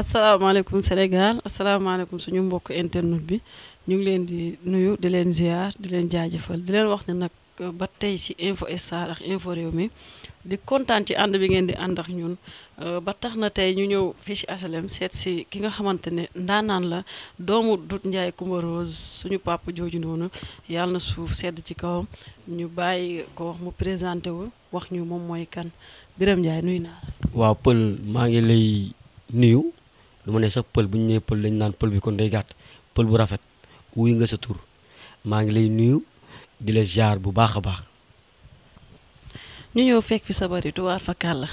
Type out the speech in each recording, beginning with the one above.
asalaamaaleykum Sénégal asalaamaaleykum suñu mbokk internet bi ñu ngi leen di nuyu di leen ziar di leen jaajëfal di leen wax ne nag ba tey ci info star ak info réew mi di kontaan ci ànd bi ngeen di ànd ak ñun ba tax na tey ñu ñëw fii ci HLM seet si ki nga xamante ne ndaanaan la doomu Dut Ndiaye Coumba Rose suñu papa jooju noonu yàlla na suuf sedd ci kawam ñu bàyyi ko wax mu présenté wax ñu moom mooy kan biram Ndiaye nuyu naa. waaw Pël lay nuyu. lu ma ne sax pël bu ñu nee pël dañu naan pël bi kon day gàtt pël bu rafet wuy nga sa tur maa ngi lay nuyu di la jaar bu baax a baax. ñu ñëw fekk fi sa bari tuwaar fa kàlla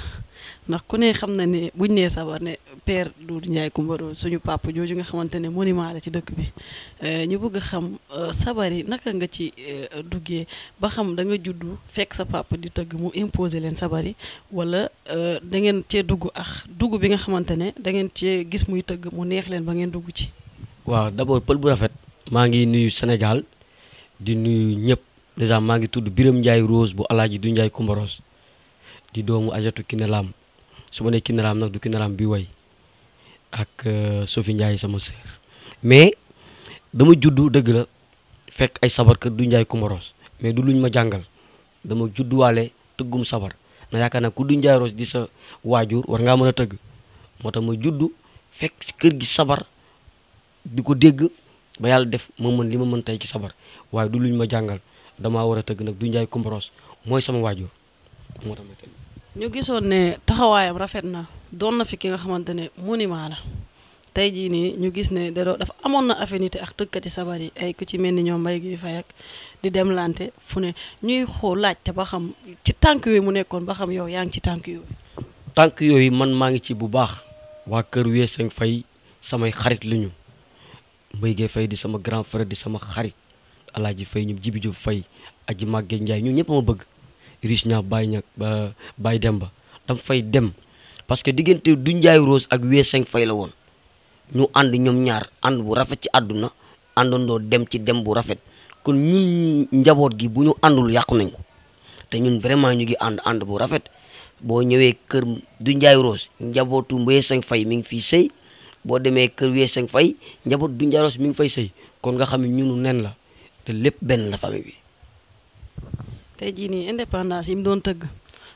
ndax ku ne xam na ne buñ nee sabar ne père Doudou Ndiaye Coumba suñu papa jooju nga xamante ne monument la ci dëkk bi euh, ñu bëgg xam euh, sabar yi naka nga ci euh, duggee ba xam da nga juddu fekk sa papa di tëgg mu imposer leen sabar yi wala da ngeen cee dugg ax dugg bi nga xamante ne da ngeen cee gis muy tëgg mu neex leen ba ngeen dugg ci. waaw d'abord pël bu rafet maa ngi nuyu Sénégal di nuyu ñëpp déjà maa ngi tudd biram Ndiaye Rose bu Alaaji du Ndiaye Coumba di doomu Ajatou Kiné Lam suma ma nee Kinaraam du du Kinaraam bi way ak sofi Ndiaye sama sœur mais dama judu deug la fek ay sabar ke du Ndiaye Kumaros mais du luñ ma jangal dama walé teggum sabar na yaakaar naa ku du Ndiaye Ros di sa wajur war nga meuna teug tëgg ma juddou fek ci kër gi sabar di deg ba yalla def mo meun lima meun tay ci sabar waaye du luñ ma jangal dama wara teug nak du du Ndiaye Kumaros moy sama wajur moo ma teug ñu gisoon ne taxawaayam rafet na doon na fi ki nga xamante ne monument la tey jii nii ñu gis ne da dafa amoon na affinité ak tëkkati sabar yi ay ku ci mel ni ñoom mbay gi fay ak di lante fu ne ñuy xool te ba xam ci tànk yooyu mu nekkoon ba xam yow yaa ngi ci tànk yooyu. tànk yooyu man maa ngi ci bu baax waa kër Weeseng fay samay xarit la ñu mbay gi fay di sama grand frère di sama xarit ji fay ñu jibi jóob fay aji màgge njaay ñu ñëpp ma bëgg. riche baay Baye ñax Baye Demba dam fay dem parce que diggante du Njaay Rose ak wee cinq fay la woon ñu ànd ñoom ñaar ànd bu rafet ci àdduna àndandoo dem ci dem bu rafet kon ñun njaboot gi bu ñu àndul yàqu nañ te ñun vraiment ñu ngi ànd ànd bu rafet boo ñëwee kër du Njaay Rose njabootu wee cinq fay mi ngi fii sëy boo demee kër wee cinq fay njaboot du Njaay Rose mi ngi fay say kon nga xam ne ñunu nen la te lépp benn la famille bi tey jii nii indépendance yi mu doon tëgg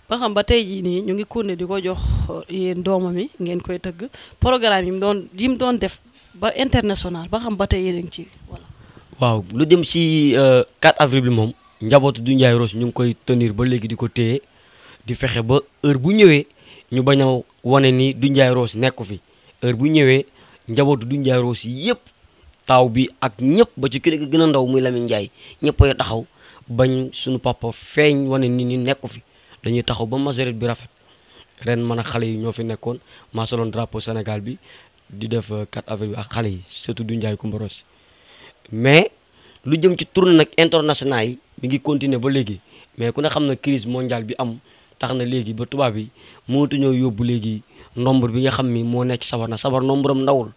ba xam ba tey jii nii ñu ngi kunne di ko jox uh, yéen doomam yi ngeen koy tëgg programme yi doon yi mu doon def ba international ba xam ba tey yéen a ci voilà. waaw lu jëm si 4 uh, avril bi moom njabootu du Ndiaye Rose ñu ngi koy tenir ba léegi di ko téye di fexe ba heure bu ñëwee ñu bañ a wane ni du Ndiaye Rose nekku fi heure bu ñëwee njabootu du Ndiaye Rose yëpp taaw bi ak ñëpp ba ci ki gën a ndaw muy Lamine Ndiaye ñëpp taxaw. bañ suñu papa feeñ wane ni ni nekku fi dañuy taxaw ba majorité bi rafet ren man ak xale yi ñoo fi nekkoon maasaloon drapeau Sénégal bi di def 4 euh, avril bi ak xale yi surtout du Ndiaye Coumba Rossi mais lu jëm ci tournée nag international yi mi ngi continuer ba léegi mais ku ne xam na crise mondiale bi am tax na léegi ba tubaab yi mënatuñoo yóbbu léegi nombre bi nga xam ni moo nekk sabar na sabar nombre am ndawul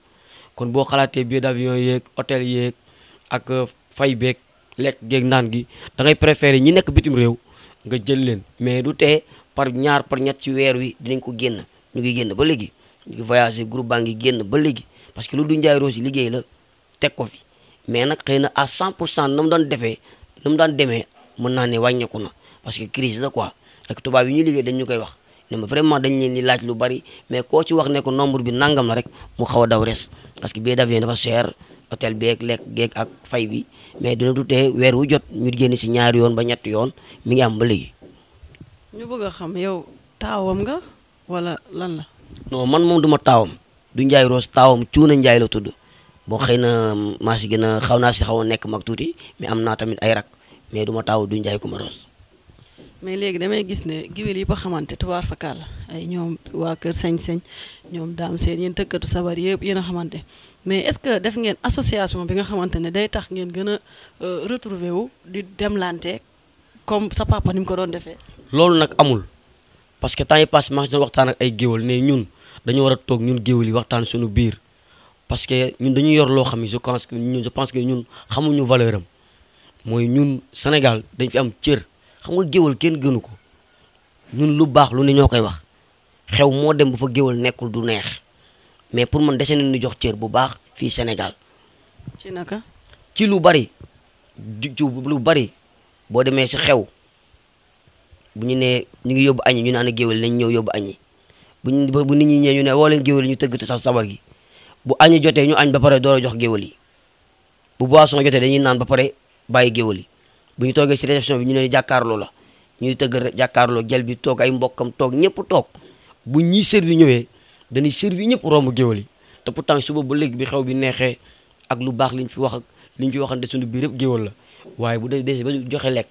kon boo xalaatee billet d'avion yeeg hôtel yeeg ak euh, fay beeg lekk géeg naan gi da ngay préféré ñi nekk bitim réew nga jël leen mais du te par ñaar par ñett ci weer wi dinañ ko génn ñu ngi génn ba léegi ñu ngi voyagé groupe baa ngi génn ba léegi parce que lu du njaay Rose liggéey la teg ko fi mais nag xëy na à 100 pour cent na mu daan defee na mu daan demee mën naa ne wàññeeku na parce que crise la quoi ak tubaab yi ñuy liggéey dañ ñu koy wax ne ma vraiment dañ leen di laaj lu bari mais koo ci wax ne ko nombre bi nangam la rek mu xaw a daw res hôtel beeg lekk geeg ak fay bi mais dina tutee weer wu jot ñu génn si ñaari yoon ba ñetti yoon mi ngi am ba léegi. ñu bëgg a xam yow taawam nga wala lan la. non man moom duma taawam du Ndiaye Rose taawam cuuna Ndiaye la tudd boo xëy na mm, maa si gën a xaw naa si xaw nekk mag tuuti mais am naa tamit ay rak mais duma taaw du Ndiaye Coumba Rose. mais léegi damay gis ne giwél yi ba xamante tubaar fakal ay ñoom waa Kër Sañ-Sañ ñoom daam seen yéen tëkkatu yëpp yéen a xamante. mais est-ce que def ngeen association bi nga xamantene day tax ngeen gëna euh, retrouver wu di dem lanté comme sa papa nim ko doon défé loolu nak amul parce que temps yi passé maa doon waxtaan ak ay géwél né ñun dañu wara tok ñun géwél yi waxtaan suñu biir parce que ñun dañu yor lo xam ne je pense que ñun je pense que ñun xamuñu valeur am mooy ñun Sénégal dañ fi am cër xam nga géwél kenn gënu ko ñun lu baax lu ne ñokay wax xew mo dem bu fa géwél nekkul du neex. mais pour man dese nañu jox cër bu baax fi Sénégal. ci naka. ci lu bari ci lu bari bo démé ci xew bu ñu né ñu ngi yobbu añi ñu ne ana géwél nañ ñëw yóbbu añi bu ñu bu nit ñi ñëwee ñu né woo leen géwél ñu tëgg sax sabar gi bu añi joté ñu añ ba paré door jox géwél yi bu boisson joté dañuy naan ba paré bàyyi géwél yi bu ñu toogee ci réception bi ñu né jakarlo la ñuy teug jakarlo gel bi tok ay mbokam tok ñepp tok bu ñi servi ñewé dañuy servi ñëpp romb géwal yi te pourtant suba ba léegi bi xew bi neexee ak lu baax liñ fi wax ak liñ fi waxante suñu biir yëpp géwal la waaye bu dee dese ba joxee lekk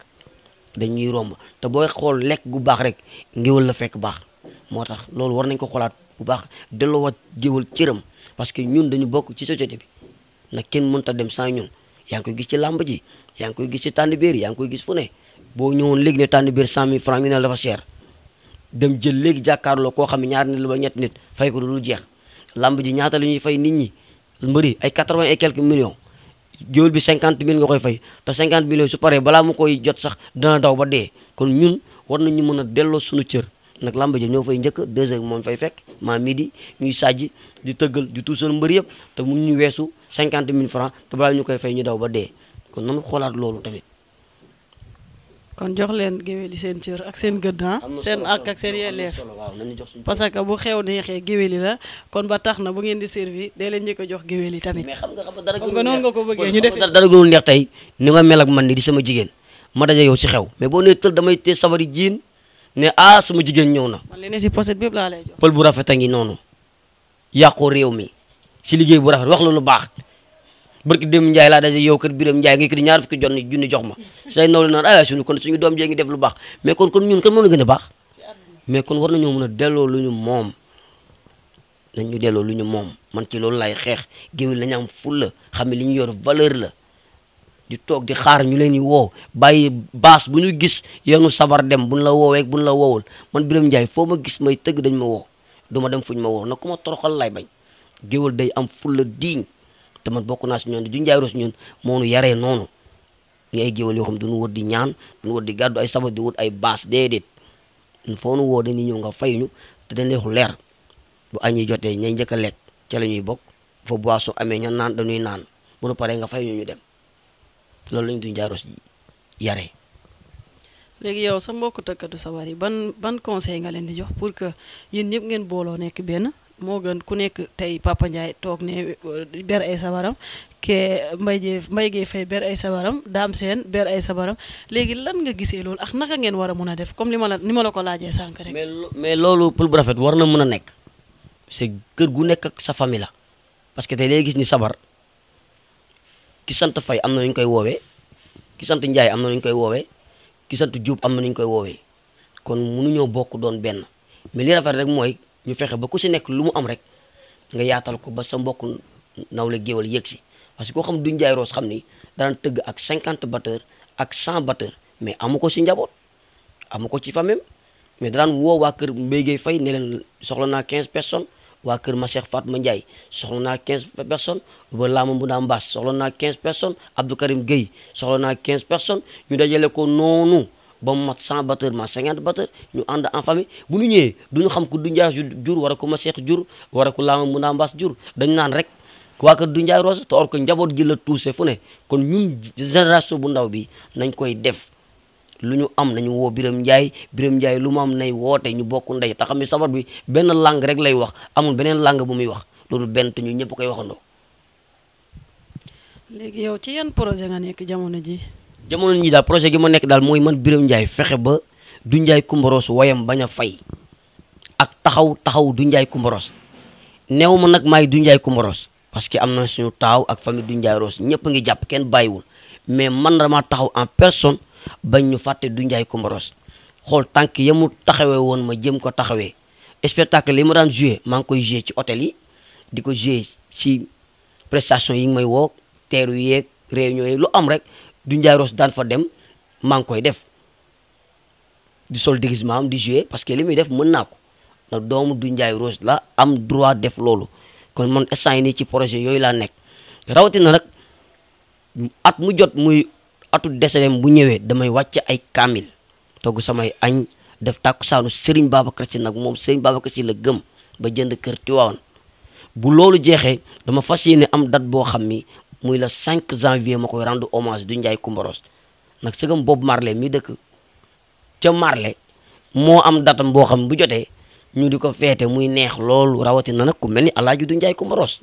dañuy romb te booy xool lekk gu baax rek ngéwal la fekk baax moo tax loolu war nañ ko xoolaat bu baax delloowaat géwal cëram parce que ñun dañu bokk ci société bi nag kenn mënta dem sans ñun yaa ngi koy gis ci làmb ji yaa ngi koy gis ci tànn biir yaa ngi koy gis fu ne boo ñëwoon léegi ne tànn biir cent mille francs ñu dafa cher dem jël léegi jàkkaarloo koo xam ne ñaari nit la ba ñetti nit fay ko du jeex lamb ji ñaata la ñuy fay nit ñi mbëri ay quatre-vingt et quelques millions bi cinquante mille nga koy fay te cinquante millions su pare balaa mu koy jot sax dana daw ba dee ko ñun war nañu mën a delloo suñu cër nag lamb ji ñoo fay njëkk deux heures moom fay fekk maa midi ñuy sàjji di tëggal di tuusal mbëri yëpp te mu ñu weesu cinquante mille francs te balaa ñu koy fay ñu daw ba dee kon nanu xoolaat loolu tamit kon jox leen géwél yi seen cër ak seen gëdd ah, seen ak ak seen yelleef parce que bu xew neexee géwél yi la kon ba tax na bu ngeen di servi dee leen njëkk a jox géwél yi tamit kon nga noonu nga ko bëggee ñu def dara gënul neex tey ni nga mel ak man ni di sama jigéen ma daje yow si xew mais boo nee tël damay tee sabari jiin ne ah sama jigéen ñëw na man li ne si poset bépp laa lay jox pël bu rafet a ngi noonu yàqoo réew mi si liggéey bu rafet wax loolu baax barki dem Ndiaye laa daje yow kër Biram Ndiaye nga yëkkati ñaar fukki jonni junni jox ma say naw la naan ay ah, suñu kon suñu doom jee ngi def lu baax mais kon kon ñun kan moo na gën a mais kon war nañoo mën a delloo lu ñu moom nañ delloo lu ñu moom man ci loolu lay xeex géwél nañu am fulla xam ne li ñu yor valeur la di toog xaar ñu leen di woo bàyyi baas bu ñu gis yoonu sabar dem buñ la woowee buñ la woowul man Biram Ndiaye foo ma gis may tëgg dañ ma woo du ma dem fuñ ma woo nag ku ma toroxal lay bañ géwél day am fulla diiñ te man bokk naa si ñoon di du njaay ros ñun moo nu yaree noonu ñu ay géwal yoo xam duñu wër di ñaan duñu wër di gàddu ay sabab di wut ay baas déedéet foo nu woo ni ñëw nga fay ñu te dañ leexu leer bu añuy jotee ñay njëkk a lekk ca la ñuy bokk fa boisson amee ña naan dañuy naan bu nu paree nga fay ñu ñu dem loolu lañ du njaay ros yaree léegi yow sa mbokk tëkkatu sabar yi ban ban conseil nga leen di jox pour que yéen ñëpp ngeen booloo nekk benn moo gën ku nekk tey Papa Ndiaye toog ne euh, ber ay sabaram ke mbay jee mbay gee fay ber ay sabaram daam seen ber ay sabaram léegi lan nga gisee loolu ak naka ngeen war a mun a def comme li ma la ni ma la ko laajee sànq rek. mais loolu pël bu rafet war na mën a nekk c'est kër gu nekk ak sa famille la parce que tey lay gis ni sabar ki sant fay am na ñu koy woowee ki sant njaay am na ñu koy woowee ki sant juub am na ñu koy woowee kon ñëw bokk doon benn mais li rafet rek mooy. ñu fexe ba ku si lu mu am rek nga yaatal ko ba sa mbokk nawle géwal yëg si parce que koo xam du jaay roos xam ni daan tëgg ak cinquante batteur ak 100 batteur mais amu ko si njaboot amu ko ci famille mais daan woo waa kër Mbaye fay ne leen soxla naa 15 personnes waa kër ma Cheikh ma Ndiaye soxla naa 15 ba Lama Mbunda Mbaas soxla naa 15 personnes Abdou Karim Gueye soxla naa 15 personnes ñu dajale ko noonu ba mu mat 100 batteur ma 50 batteur ñu and en famille bu ñu ñëw du ñu xam ku du njaay jur wara ko ma cheikh jur wara ko laama muna mbass jur dañ nan rek wa kër du njaay rose tor ko njabot gi la tuuse fune kon ñun génération bu ndaw bi nañ koy def lu ñu am nañu wo biram njaay biram njaay lu mu am nay wote ñu bokku nday ta xam ne sabar bi ben langue rek lay wax amul benen langue bu muy wax lolu bent ñu ñëpp koy waxando léegi yow ci yeen projet nga nek jamono ji jamono ñi daal projet gi mo nek dal moy man birum njaay fexé ba du kumbaros wayam baña fay ak taxaw taxaw du njaay kumbaros newuma ma may du njaay kumbaros parce que am suñu taw ak fami du njaay ros ñepp ngi japp ken bayiwul mais man dama taxaw en personne bañ ñu faté du njaay kumbaros xol tank yamu taxawé won ma jëm ko taxawé spectacle yi ma daan jouer maa ngi koy jouer ci hôtel yi di ko ci prestation yi ngi may woo teeru yeeg réunion yi lu am rek du Ndiaye Rose daan fa dem maa ngi koy def di sol déguisement am di jouer parce que li muy def mën naa ko na doomu du Ndiaye Rose la am droit def loolu kon man instant yi ci projet yooyu laa nekk rawatina nag at mu jot muy atu deseem bu ñëwee damay wàcc ay kaamil togg samay añ def tàkkusaanu Serigne Babacar Sy nag moom Serigne Babacar Sy la gëm ba jënd kër Tiwaawan bu loolu jeexee dama fas yéene am date boo xam ni muy la 5 janvier ma koy rendre hommage du Ndiaye Koumbaros nag sëgam Bob Marley mi dëkk ca marle moo am datam boo xam bu jotee ñu di ko feete muy neex loolu rawatina nag ku mel ni Alaaji du Ndiaye Koumbaros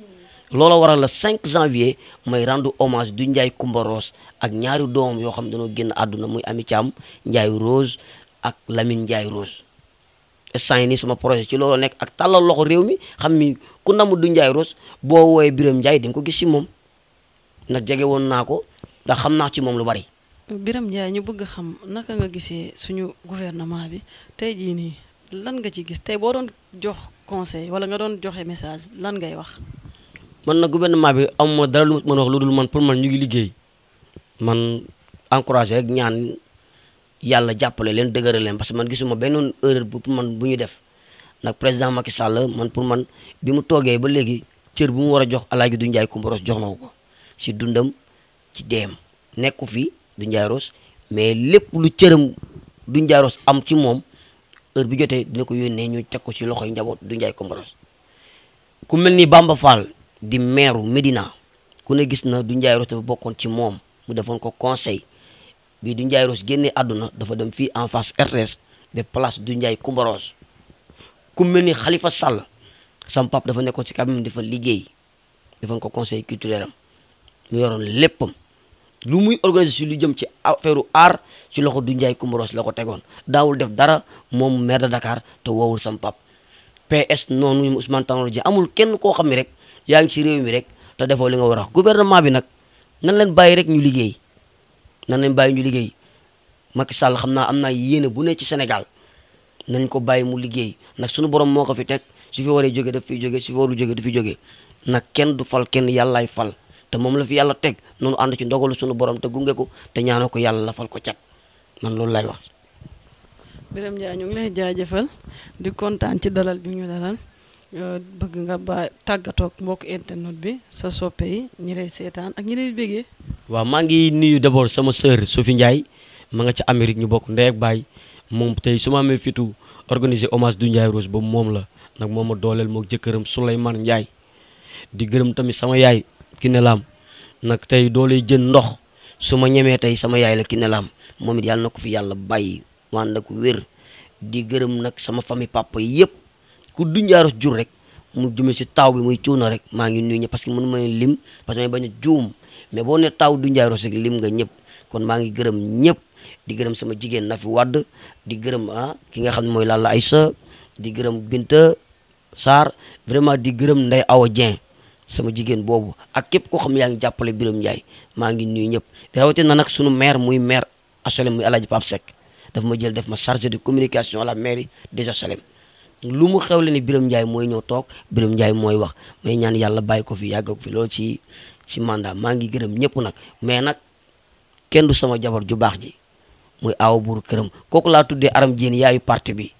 loola waral la 5 janvier may rendre hommage du Ndiaye Koumbaros ak ñaari doom yoo xam dañoo génn àdduna muy Ami Thiam Ndiaye Rose ak Lamine njaay Rose instant yii nii sama projet ci loolu nekk ak tàllal loxo réew mi xam ni ku namu du Ndiaye Rose boo woowee Birame Ndiaye di ko gis si moom. Nak jege won nako, ko xamna ci mom lu bari. biram Ndiaye ñu bëgg xam naka nga gisé suñu gouvernement bi tay ji ni lan nga ci gis tay bo doon jox conseil wala nga doon joxe message lan ngay wax. man na gouvernement bi amuma dara lu mën wax lu man pour man ñu ngi liggéey man encourager ak ñaan yalla jappalé leen dëgeural leen parce que man gisuma benn erreur bu pour man buñu def nak président Macky Sall man pour man bimu mu ba légui cër bu mu wara a jox gi Doudou Ndiaye ku mboros jox na ko. ci dundam ci deem nekku fi du njaaroos mais lépp lu cëram du njaaroos am ci moom heure bi jotee dina ko yónnee ñu teg ko ci loxoy njaboot du njaay kombaros ku mel ni Bamba Fall di meeru Médina ku ne gis na du njaay dafa bokkoon ci moom mu defoon ko conseil bii du njaay roos génnee àdduna dafa dem fii en face RTS de place du njaay kombaros ku mel ni Khalifa Sall sam dafa nekkoon ci cabine dafa liggéey defoon ko conseil culturel mu yoroon léppam lu muy organisé si lu jëm ci affaire aar ci loxo du Njaay Kumbaros la ko tegoon daawul def dara moom maire de Dakar te woowul sam pap PS noonu Ousmane Tanor Dieng amul kenn koo xam ne rek yaa ngi ci réew mi rek te defoo li nga war a wax gouvernement bi nag nan leen bàyyi rek ñu liggéey nan leen bàyyi ñu liggéey Macky Sall xam naa am naa yéene bu ne ci senegal nañ ko bàyyi mu liggéey nag suñu borom moo ko fi teg su fi waree jóge jóge su fi jóge du fi jóge nag kenn du fal kenn yàllaay fal te mom la fi yalla tek nonu and ci ndogalu suñu borom te gungé ko te ñaanal yalla la lafal ko ciat man loolu lay wax. Biram ja ñu lay jaajeufal di contane ci dalal bi ñu dalal euh, bëgg nga ba tagato mbokk internet bi sa soppé yi ñi lay sétane ak ñi lay bégee. wa ma ngi nuyu d'abord sama sœur Sophie Ndiaye ma nga ci Amérique ñu bokk ndey ak bay mom tay suma ma fitu organiser hommage du Ndiaye Rose boobu mom la nak moma dolel mok moo jëkkëram Souleymane di gërëm tamit sama yaay. Kinelam, nak tay tey doo lay jën ndox su sama yaay la kinelam momit yalla nako fi yalla bayyi waan di nak sama fami papa yep ku dunjaaros jur rek mu jume si taw bi muy ciuna rek ma ngi nuyu ñëpp parce que mënu ma lim parce que may bañ mais bo ne taw dunjaaros rek lim nga ñëpp kon ma ngi gërëm ñëpp di sama jigen na fi wad di gërëm ah ki nga xamni moy Lalla Aïssa di gërëm Binta sar vraiment di gërëm nday Awa jeng sama jigen bobu ak kep yang xam yaangi jappale birum biram ma maa ngi nuyu ñëpp rawati na nak sunu maire muy maire asolem muy alaji pap sek daf ma jël def ma chargé de communication la mairie des asolem lu mu xewle ni birum njaay moy ñëw tok birum njaay moy wax may ñaan yalla bay ko fi yag ko fi loolu ci ci mandat ma ngi gërem ñep nak mais nak kenn du sama jabar ju bax ji muy aw buur kërëm koku la tuddé aram jeen yaayu parti bi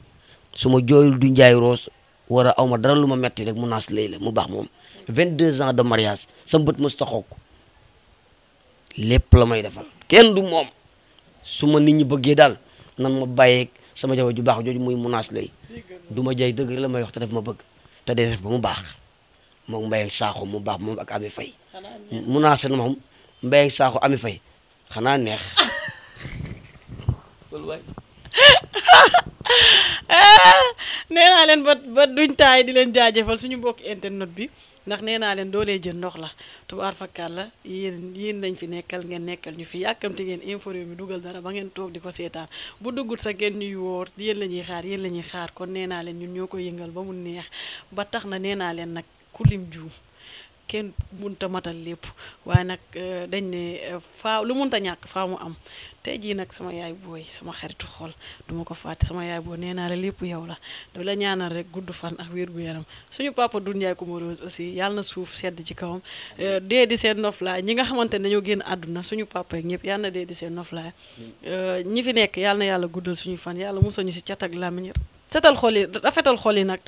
suma joyul du rose war a aw ma dara lu ma metti rek mu naas lay la mu baax moom 22 ans de mariage sa bët mës ta xokk la may defal kenn du moom su ma nit ñi bëggee daal nan ma bàyyeeg sama jabar ju baax jooju muy mu naas lay du ma jaay dëgg la may wax te def ma bëgg te day def ba mu baax moom Mbaye Sakho mu baax moom ak Ami Faye mu naas na moom Mbaye Sakho Ami fay xanaa neex. nee leen ba ba duñ taay di leen jaajëfal suñu bokk internet bi ndax nee naa leen doolee jën ndox la tubaar fakkaat la yéen yéen lañ fi nekkal ngeen nekkal ñu fi yàkkamti ngeen info mi dugal dara ba ngeen toog di ko seetaan bu duggut sa ngeen ñuy woor yéen la ñuy xaar yéen la ñuy xaar kon nee naa leen ñun ñoo ko yëngal ba mu neex ba tax na nee naa leen nag ku lim juum kenn munta matal lépp waaye nag euh, dañ ne euh, faa lu mun ta ñàkk faa mu am tey jii nag sama yaay booy sama xaritu xool duma ko fàtte sama yaay booy nee naa la lépp yow la da la ñaanal rek gudd fan ak wér gu yaram suñu papa Doudou Ndiaye Coumba Rose aussi yàlla na suuf sedd ci kawam euh, dee di seen noflaay ñi nga xamante ne dañoo génn àdduna suñu papa ak ñëpp yàlla na dee di seen noflaay ñi fi nekk yàlla yàlla guddal suñu fan yàlla musal ñu si cat ak làmmiñ setal xol yi rafetal xol yi nag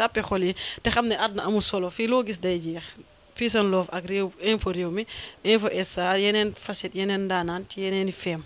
yi te xam ne àdduna amul solo fii loo gis day jeex peace and love ak réew info réew mi info star yeneen facette yeneen daanaan ci yeneen i feem